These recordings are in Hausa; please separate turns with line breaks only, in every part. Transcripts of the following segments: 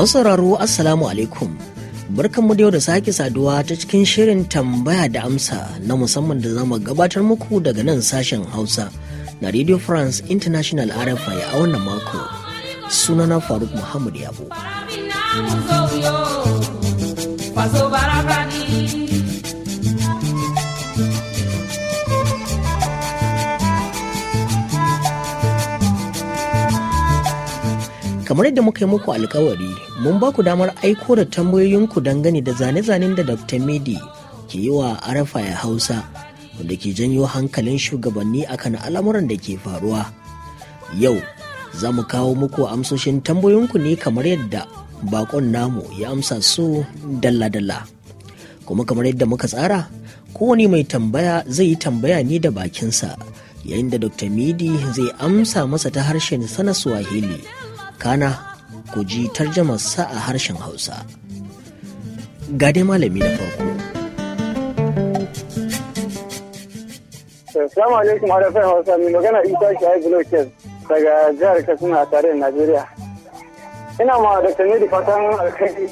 Masu sauraro Assalamu alaikum. Barkanmu da yau da sake saduwa ta cikin shirin tambaya da amsa na musamman da zamu gabatar muku daga nan sashen Hausa na Radio France International RFI a wannan mako. Sunana Faruk Muhammad Yabo. kamar yadda muka yi muku alkawari mun ba ku damar aiko da tambayoyinku dangane da zane-zanen da dr medi ke yi wa arafa ya hausa wanda ke janyo hankalin shugabanni akan al'amuran da ke faruwa yau za mu kawo muku amsoshin tambayoyinku ne kamar yadda bakon namu ya amsa su dalla-dalla kuma kamar yadda muka tsara kowane mai tambaya zai yi tambaya ne da bakinsa yayin da dr midi zai amsa masa ta harshen sana swahili kana ku ji tarjamar sa a harshen hausa ga dai malami na farko
Salamu alaikum harafin Hausa mai magana Isa Shahid Lokes daga jihar Katsina a tarihin Najeriya. Ina ma da da fatan alkhairi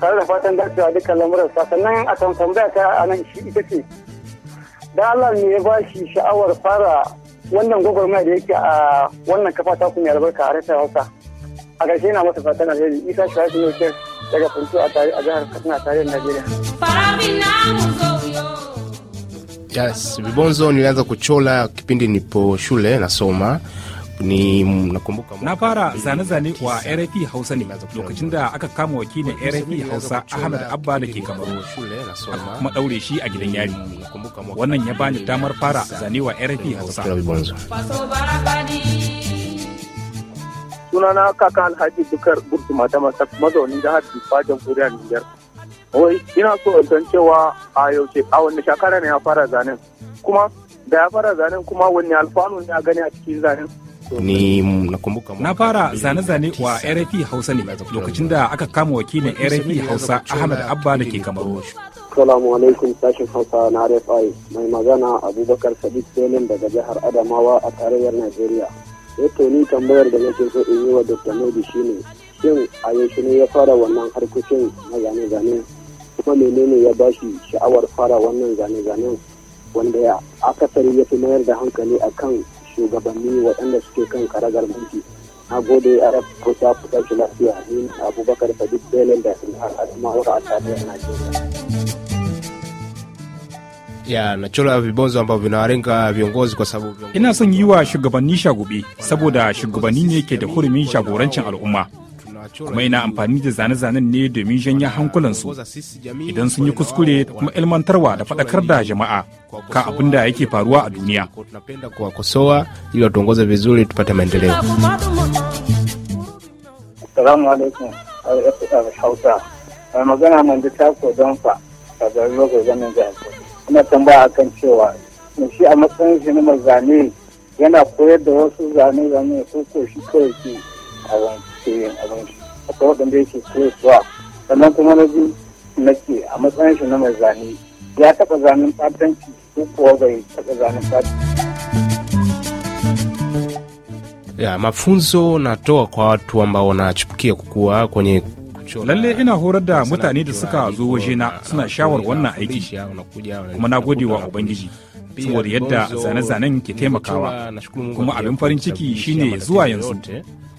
tare da fatan dacewa dukkan lamuran sannan a tambaya ta a nan shi ita ce. Da Allah ne ya ba shi sha'awar fara wannan gwagwarmaya da yake a wannan kafa ta kuma albarka a harshen Hausa. na isa ne daga a jihar katsina najeriya
yes vibonzo nilianza kuchola kipindi nipo shule nasoma ni nakumbuka na fara zane-zane wa RP hausa ne lokacin da aka kama wakilin RP hausa ahmed abba da ke kamaru aka kuma daure shi a gidan yari mm, wannan ya bani damar fara zane wa RP hausa
sunana kaka alhaji bukar burtuma ta mazaunin jihar Difa jamhuriyar Nijar. Wai ina so in san cewa a yaushe a wani shakara ne ya fara zanen kuma da ya fara zanen kuma wani alfanu ne a gani a cikin zanen.
Ni na fara zane-zane wa RFI e Hausa ne lokacin da aka kama wakilin RFI e Hausa Ahmad Abba da ke Kamaru.
salamu alaikum sashen Hausa na RFI mai magana Abubakar Sadiq Selim daga jihar Adamawa a tarayyar nigeria. Yato ni tambayar da nake so in yi wa Dr. shi shine shin a yaushe ne ya fara wannan harkokin na zane-zane kuma menene ya bashi sha'awar fara wannan zane-zanen wanda ya akasari ya fi mayar da hankali a kan shugabanni waɗanda suke kan karagar mulki na gode a ko ta fita shi lafiya ni abubakar sadiq belin da sun har asma'ura a na najeriya
ya cura vibonzo ambao vinawarenga viongozi kwa sababu ina son yiwa shugabanni shagobe saboda shugabanni ne ke da hurumin shagorancin al'umma kuma ina amfani da zane-zanen ne domin janye hankulansu idan sun yi kuskure kuma ilmantarwa da faɗakar da jama'a ka abin da yake faruwa a duniya
Assalamu alaikum, Hausa. magana mai da tako don fa, a garin Rogo Zanen Jami'a. kuma tambaya akan cewa shi a matsayin shi na mai zane yana koyar da wasu zane zane ko ko shi kawai ke a wanke abinci a akwai waɗanda yake zuwa sannan kuma na ji na ke a matsayin shi na mai zane ya taɓa zanen fatanci ko kuwa bai taɓa zanen fatanci.
Ya, mafunzo natoa kwa watu ambao wanachipukia kukua kwenye lalle ina horar da mutane da suka zo wajena suna shawar wannan aiki kuma na gode wa ubangiji saboda yadda zane-zanen ke taimakawa kuma abin farin ciki shine zuwa yanzu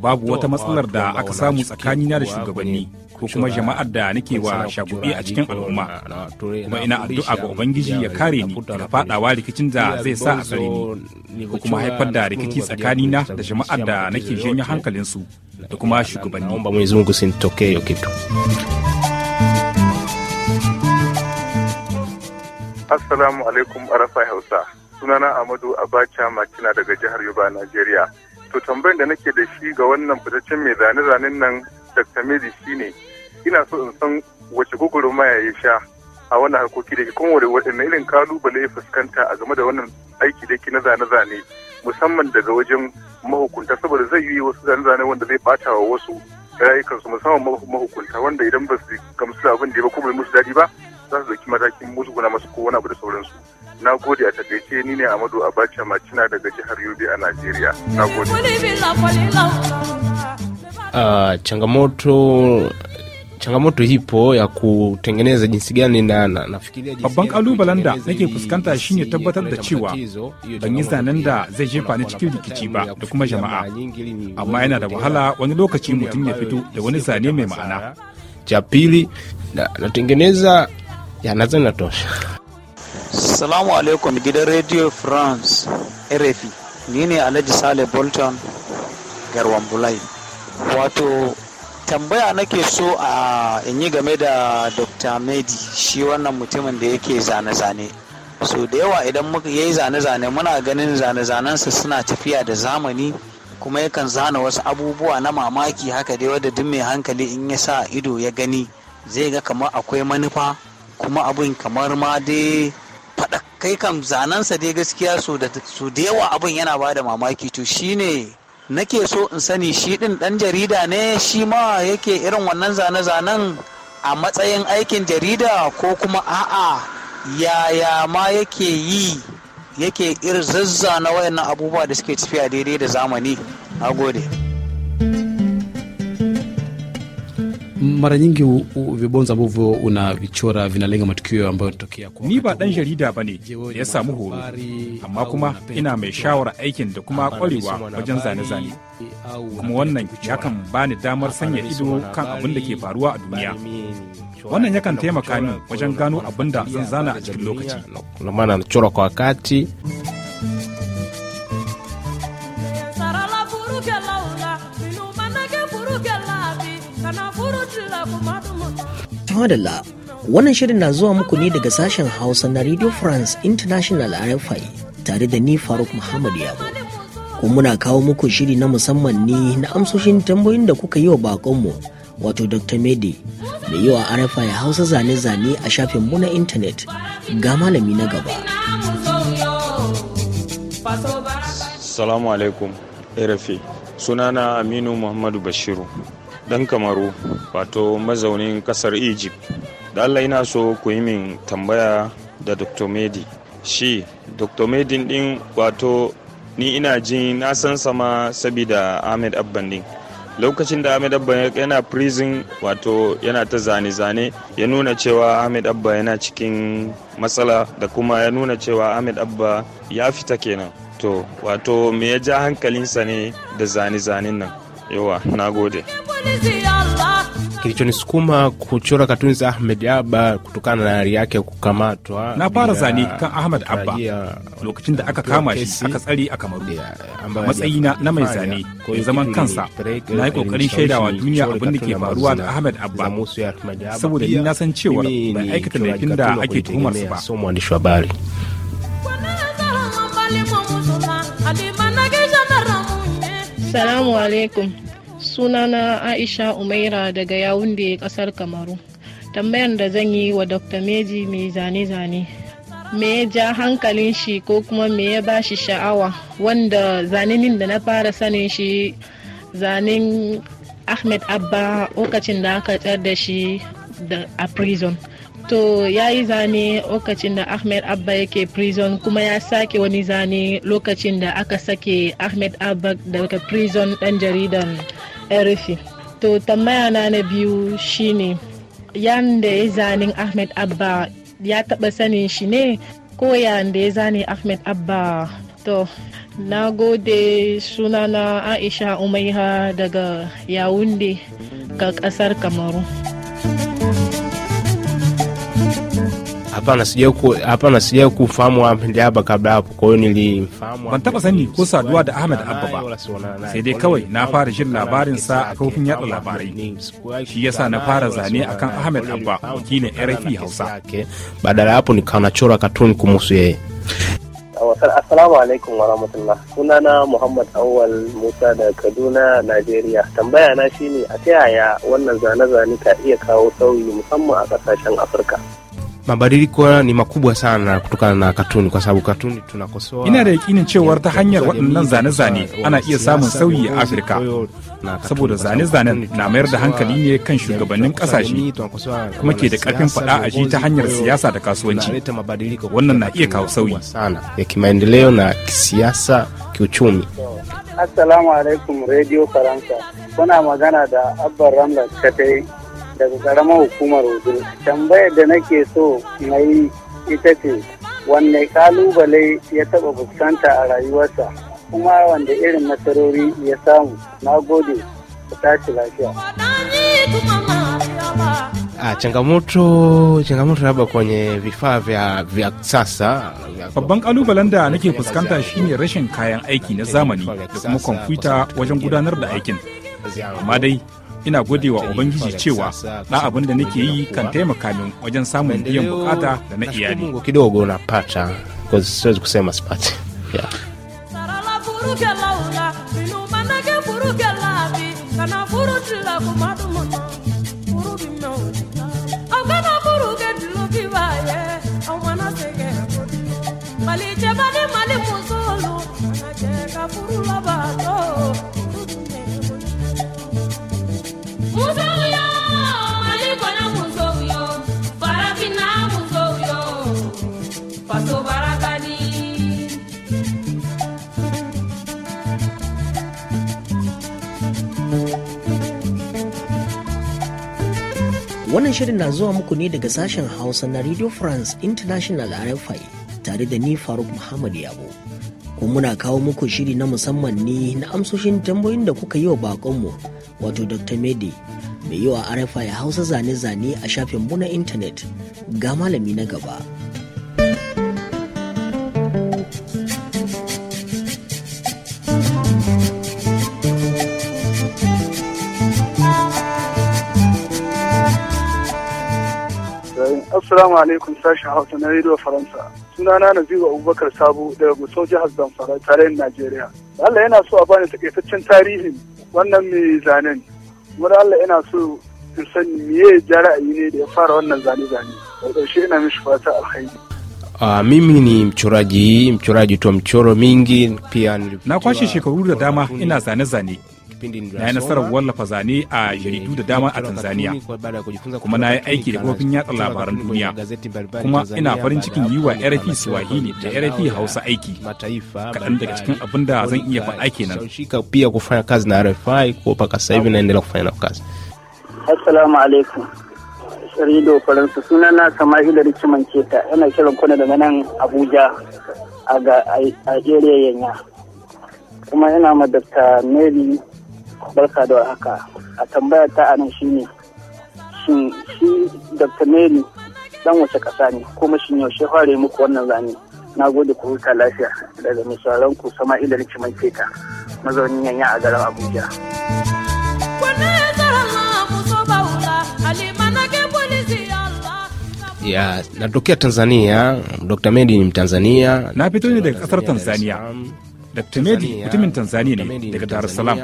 babu wata matsalar da aka samu tsakanina da shugabanni ko kuma jama'ar da nake wa shagube a cikin al'umma kuma ina addu'a ga ubangiji ya kare ni daga fadawa rikicin da zai sa a tsare ni ko kuma haifar da rikici tsakanina da jama'ar da nake hankalin su da kuma shugabanni
Assalamu alaikum Arafa Hausa. Sunana Amadu Abacha Makina daga jihar Yoruba, nigeria To tambayar da nake da shi ga wannan fitaccen mai zane-zanen nan Dr. Mary shine ina so in san wace gwagwarmaya ya sha a wani harkoki da kuma waɗanne irin kalubale ya fuskanta a game da wannan aiki da ke na zane-zane musamman daga wajen mahukunta saboda zai yi wasu zane-zane wanda zai bata wa wasu rayukansu musamman mahukunta wanda idan ba su
gamsu da abin da ba ko bai musu daɗi ba za su zaki matakin musu guna masu kowane abu da sauransu na gode
a takaice ni ne amadu abacha macina daga jihar yobe a najeriya na gode
ah, changamoto changamoto hipo ya kutengeneza jinsi gani na, na nafikiria babban kalubalen da nake fuskanta shi shine tabbatar da cewa ban yi zanen da zai jefa ni cikin rikici ba da kuma jama'a amma yana da wahala wani lokaci mutum ya fito da wani zane mai ma'ana cha pili natengeneza ya na natosha
salamu alaikum gidan radio france rfi ni ne alhaji sale bolton garwan bulai wato tambaya nake so a in yi game da dr medi shi wannan mutumin da yake zane-zane so da yawa idan muka yi zane-zane muna ganin zane-zanensa suna tafiya da zamani kuma yakan zana wasu abubuwa na mamaki haka dai wadda duk mai hankali in ya sa ido ya gani zai ga kamar akwai manufa kuma abin kamar ma dai faɗa kai zanensa dai gaskiya so da yawa abin yana bada mamaki to shine nake so in sani shi ɗin ɗan jarida ne shi ma yake irin wannan zane-zanen a matsayin aikin jarida ko kuma a'a yaya ma yake yi yake irin na wayannan abubuwa da suke tafiya daidai da zamani na gode mara nyingi vibonzo
ambavyo unavichora vinalenga matukio ambayo yanatokea. Ni ba dan jarida ba ne da ya samu horo, amma kuma ina mai shawara aikin da kuma kwarewa wajen zane-zane. Kuma wannan kan bani damar sanya ido kan abin da ke faruwa a duniya.
Wannan yakan taimaka ni wajen gano
abin da zan zana a cikin lokaci. kwa wakati.
madalla wannan shirin na zuwa muku ne daga sashen hausa na radio france international rfi tare da ni faruk muhammad yabo kuma muna kawo muku shiri na musamman ne na amsoshin tambayoyin da kuka yi wa bakonmu wato dr medi da yi wa rfi hausa zane-zane a shafin mu na intanet ga malami na gaba
salamu alaikum rfi sunana aminu muhammadu bashiru ɗan kamaru wato mazaunin kasar egypt da allah ina so ku yi min tambaya da dr medi shi dr medi ɗin wato ni ina ji na san sama sabida ahmed abban ɗin lokacin da ahmed abba yana prison wato yana ta zane-zane ya nuna cewa ahmed abba yana cikin matsala da kuma ya nuna cewa ahmed abba ya fita kenan to wato me ya ja hankalinsa ne da zane-zanen nan yowa na gode kilichonisukuma kuchora katuni za Ahmed Abba kutokana na hali yake kukamatwa na fara zane kan Ahmed Abba lokacin da aka kama shi aka tsare aka maru a matsayina na mai zane ya zaman kansa na yi kokarin shaidawa duniya abin da ke faruwa da Ahmed Abba saboda ni na san cewa bai aikata laifin da ake tuhumarsa ba.
Salamu alaikum. Sunana Aisha Umaira daga Yawunde kasar Kamaru. Tambayar da zan yi wa Dr. Meji mai zane-zane. Me ya ja hankalin shi ko kuma me ya ba shi sha'awa wanda zanenin da na fara sanin shi zanen Ahmed Abba lokacin da aka tsar da shi a prison. to ya yi zane lokacin da ahmed abba yake prison kuma ya sake wani zane lokacin da aka sake ahmed abba daga prison dan jaridan rfi. to tambaya na na biyu shine yanda ya zanen ahmed abba ya taba sanin shi ne ko yanda ya zane ahmed abba to na gode sunana aisha umaiha daga yawunde ga kasar kamaru
hapana sijawahi kufahamu Ahmed hapa kabla hapo, kwa hiyo nilimfahamu. Ban taɓa sani ko saduwa da Ahmed Abba ba, sai dai kawai na fara jin labarin sa a kofin yaɗa labarai. Shi yasa na fara zane akan Ahmed
Abba wakilin RFI Hausa.
Badala hapo nikawa nachora katuni kumuhusu yeye.
Assalamu alaikum wa rahmatullah. Sunana Muhammad Awal Musa da Kaduna, Najeriya. Tambaya na shine a ta yaya wannan zane-zane ka iya kawo sauyi musamman a kasashen Afirka.
mabadiliko ni makubwa sana kutokana na katuni, kwa sababu katuni tunakosoa. Ina da yakinin cewar ta hanyar waɗannan zane-zane ana iya samun sauyi a Afirka, saboda zane-zanen na mayar da hankali ne kan shugabannin ƙasashe kuma ke da ƙarfin faɗa a ta hanyar siyasa da kasuwanci. Wannan na iya kawo sauyi. Ya kimaendeleo na kisiasa, kiuchumi.
Assalamu alaikum Radio Faransa. Kuna magana da Abba Ramla Katai daga karamar hukumar hudu tambayar da nake so na ita ce wanne kalubale ya taba fuskanta a rayuwarsa kuma wanda irin nasarori ya samu na gode ku tashi lafiya
Ah, changamoto changamoto labda kwenye vifaa vya vya sasa. Babban kalubalen da nake fuskanta shine rashin kayan aiki na zamani da kuma kwamfuta wajen gudanar da aikin. Amma dai ina gode wa ubangiji cewa na abin da nake yi kan taimaka min wajen samun biyan bukata da na iyali kidogo napata siwezi kusema sipati yeah.
Wannan shirin na zuwa muku ne daga sashen Hausa na Radio France International RFI tare da ni Faruk Muhammad Yabo. Kuma muna kawo muku shiri na musamman ne na amsoshin tambayoyin da kuka yi wa bakonmu wato Dr. Mede mai yi wa RFI Hausa zane-zane a shafin mu na intanet ga malami na gaba.
Assalamu alaikum sashen Hausa na Radio Faransa. Sunana Naziru Abubakar Sabo daga Gusau jihar Zamfara tarayyar Najeriya. Allah yana so a bani takaitaccen tarihin wannan mai zanen. Wani Allah yana so in sani meye ja ra'ayi ne da ya fara wannan zane-zane. Da ƙarshe ina mishi fata alkhairi.
Uh, mimi ni mchoraji mchoraji to mchoro mingi pia na kwashe shekaru da dama ina zane-zane na yi nasarar wallafa zane a jaridu da dama a tanzania kuma na yi aiki da kofin yatsa labaran duniya kuma ina farin cikin yi wa rfi swahili da rfi hausa aiki kaɗan daga cikin abin da zan iya faɗa kenan
assalamu alaikum rido faransa suna na samahi da rikiman ta yana kiran kuna daga nan abuja a area yanya kuma yana ma dr mary barka da haka a tambaya ta anan shine shin shi dr mary dan wace kasa ne kuma shin yaushe fare muku wannan zane na gode ku huta lafiya daga mai sauran ku sama'ila rikiman keta mazaunin yanya a garin abuja
ya natokea tanzania dr medi ni mtanzania na fito ne daga kasar tanzania dr medi mutumin Tanzania ne daga Dar es Salaam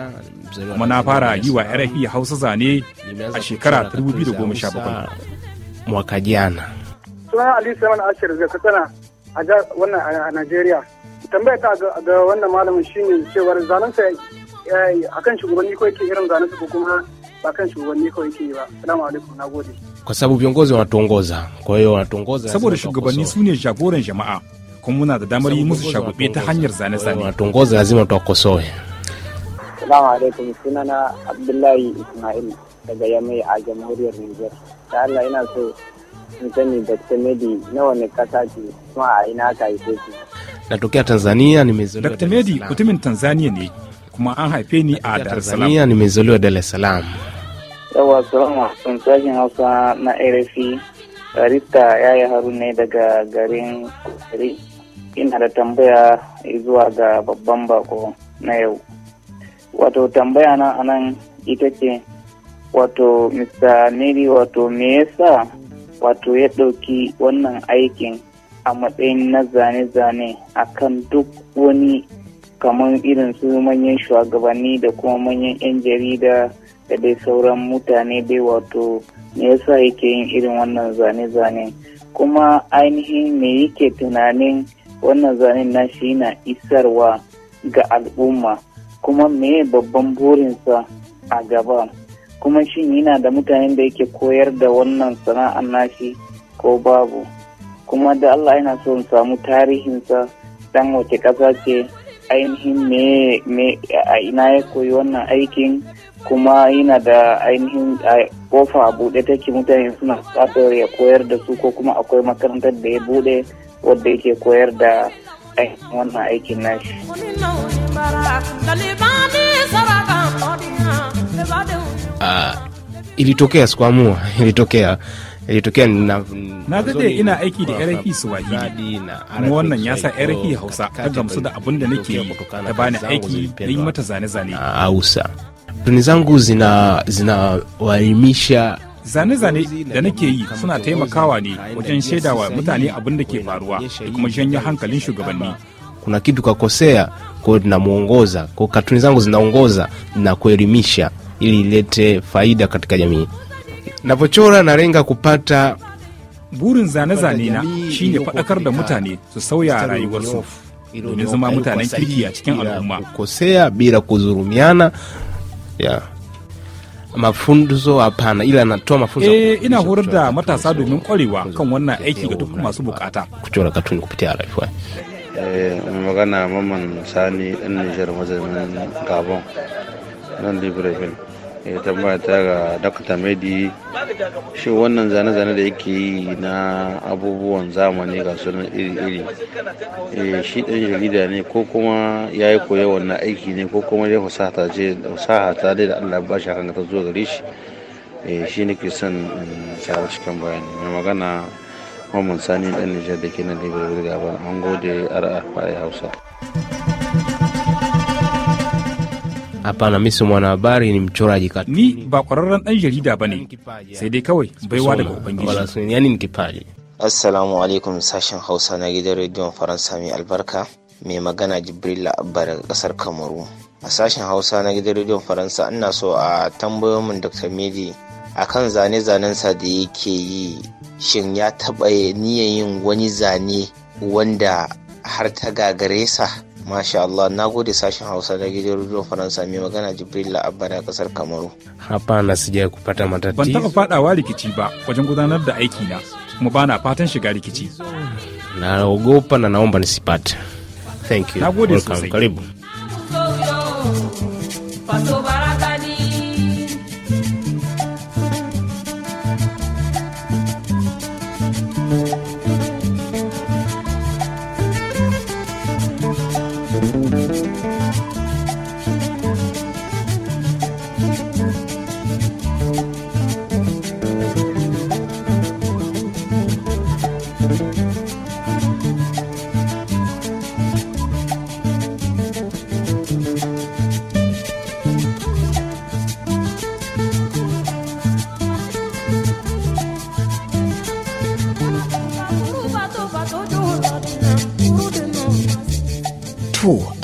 kuma na fara yi wa RFI Hausa zane a shekara 2017. Mwaka jana.
Suna Ali Saman Ashir zai katsana a wannan a Najeriya. Tambaya ta ga wannan malamin shine cewar zanensa eh, kan shugabanni ko yake irin zanensa ko kuma ba kan shugabanni ko yake yi ba salamu alaikum na gode
kwa sababu viongozi wanatuongoza kwa hiyo wanatuongoza saboda shugabanni su ne jagoran jama'a kuma muna da damar yi musu shagube ta hanyar zane-zane tungoza lazima tuwakosoe
salamu alaikum sunana abdullahi ismail daga yamai a jamhuriyar niger ta allah ina so in sani da tamedi na wani kasa ce kuma a ina ka yi shi
natokea tanzania mai nimezaliwa dr medi mutumin tanzania ne kuma an haife ni a dar es salaam mai dar da salaam
yawa salamu sun sashen hausa na rfi barista yaya haruna daga garin ina da tambaya zuwa ga babban bako na yau wato tambaya na anan ita ce wato mr neri wato me yasa wato ya ɗauki wannan aikin a matsayin na zane-zane a kan duk wani kamar irin su manyan shugabanni da kuma manyan 'yan jarida da dai sauran mutane dai wato me yasa yake yin irin wannan zane-zane kuma ainihin me yake tunanin wannan zanen nashi yana isarwa ga al'umma kuma me babban burinsa a gaba kuma shin yana da mutanen da yake koyar da wannan sana'ar nashi ko babu kuma da Allah yana so in samu tarihinsa dan wace ƙasa ce ainihin me me a ina ya koyi wannan aikin kuma yana da ainihin kofa a buɗe take mutane suna buƙatar ya koyar da su ko kuma akwai makarantar da ya buɗe wadda yake koyar da
eh, wannan aikin nashi.
Uh, ah, ilitokea sikuamua ilitokea ilitokea na na dai ina aiki da rfi swahili kuma wannan ya sa rfi hausa ta gamsu da abin da nake yi ba ni aiki da yi mata zane-zane a hausa tuni zangu zina warimisha zane-zane da nake yi suna taimakawa ne wajen shaida wa mutane abin da ke faruwa da kuma janyo hankalin shugabanni kuna kitu kakosea kwayo namuongoza ko katuni zangu zinaongoza na kuelimisha ili ilete faida katika jamii navochora nalenga kupata burin zane-zane na shine faɗakar da mutane su sauya rayuwarsu domin zama mutanen kirki a cikin al'umma kosea bila kuzurumiana yeah. mafunzo hapana, ila anatoa mafunzo eh, ina horar da matasa domin kwarewa kan wannan aiki ga duk masu bukata kuchora katuni kupitia rayuwa mai
eh. eh, magana mamman sani ɗan nijar mazamin gabon nan libreville ya eh, tambaya ta ga dakta medi shi wannan zane-zane da yake yi na abubuwan zamani ga suna iri-iri eh, shi ɗan jarida ne ko kuma ya yi koya wannan aiki ne ko kuma ya fasaha ta dai da allah ba shi hakan ta zuwa gare shi eh, shi ke son in tsara cikin bayani mai magana mamman sani ɗan nijar da ke nan da ga ban an gode rfi hausa
Hapana, mimi si habari ni mchoraji katu. Ni ba kwararren dan jarida bane, sai dai kawai baiwa daga Ubangiji. Yani ni kipaji. Assalamu alaikum sashen Hausa na gidan rediyon Faransa mai albarka. Mai magana Jibril Abba daga kasar Kamaru. A sashen Hausa na gidan rediyon Faransa
ina so a tambayo min Dr. Medi akan zane-zanensa da yake yi shin ya taɓa niyan yin wani zane wanda har ta gagare Masha Allah, na gode sashen Hausa da gidan Radio Faransa mai magana Jibril La'abba da kasar Kamaru.
Hapana sija kupata matatizo. Ban taɓa faɗawa rikici ba wajen gudanar da aiki na, kuma bana fatan shiga rikici. Na ogopa na naomba nisipate. Thank you. Na gode sosai. Karibu.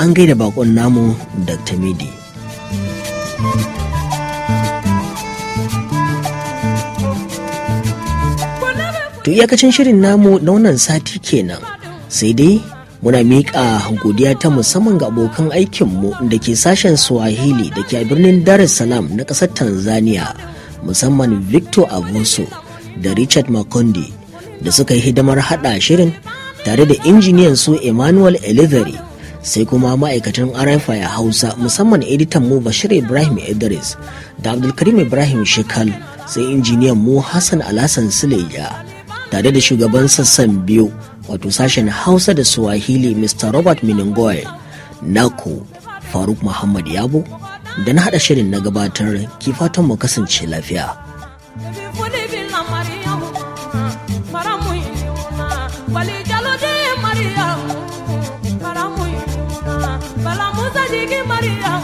an gaida bakon namu Dr. Midi. To iyakacin shirin namu na wannan sati kenan sai dai muna miƙa godiya ta musamman ga abokan aikinmu da ke sashen Swahili da ke a birnin Dar es Salaam na ƙasar Tanzania musamman Victor Avuso da Richard Makondi da suka yi hidimar haɗa shirin tare da injiniyan su Emmanuel Elizari. sai kuma ma'aikatan RFI a Hausa musamman editan mu Bashir Ibrahim Idris da Abdulkarim Ibrahim Shekal sai injiniyan mu Hassan Alhassan Suleja tare da shugaban sassan biyu wato sashen Hausa da Swahili Mr. Robert Miningoy nako Faruk Muhammad Yabo da na haɗa shirin na gabatar ki fatan mu kasance lafiya.
Maria ¡Gracias!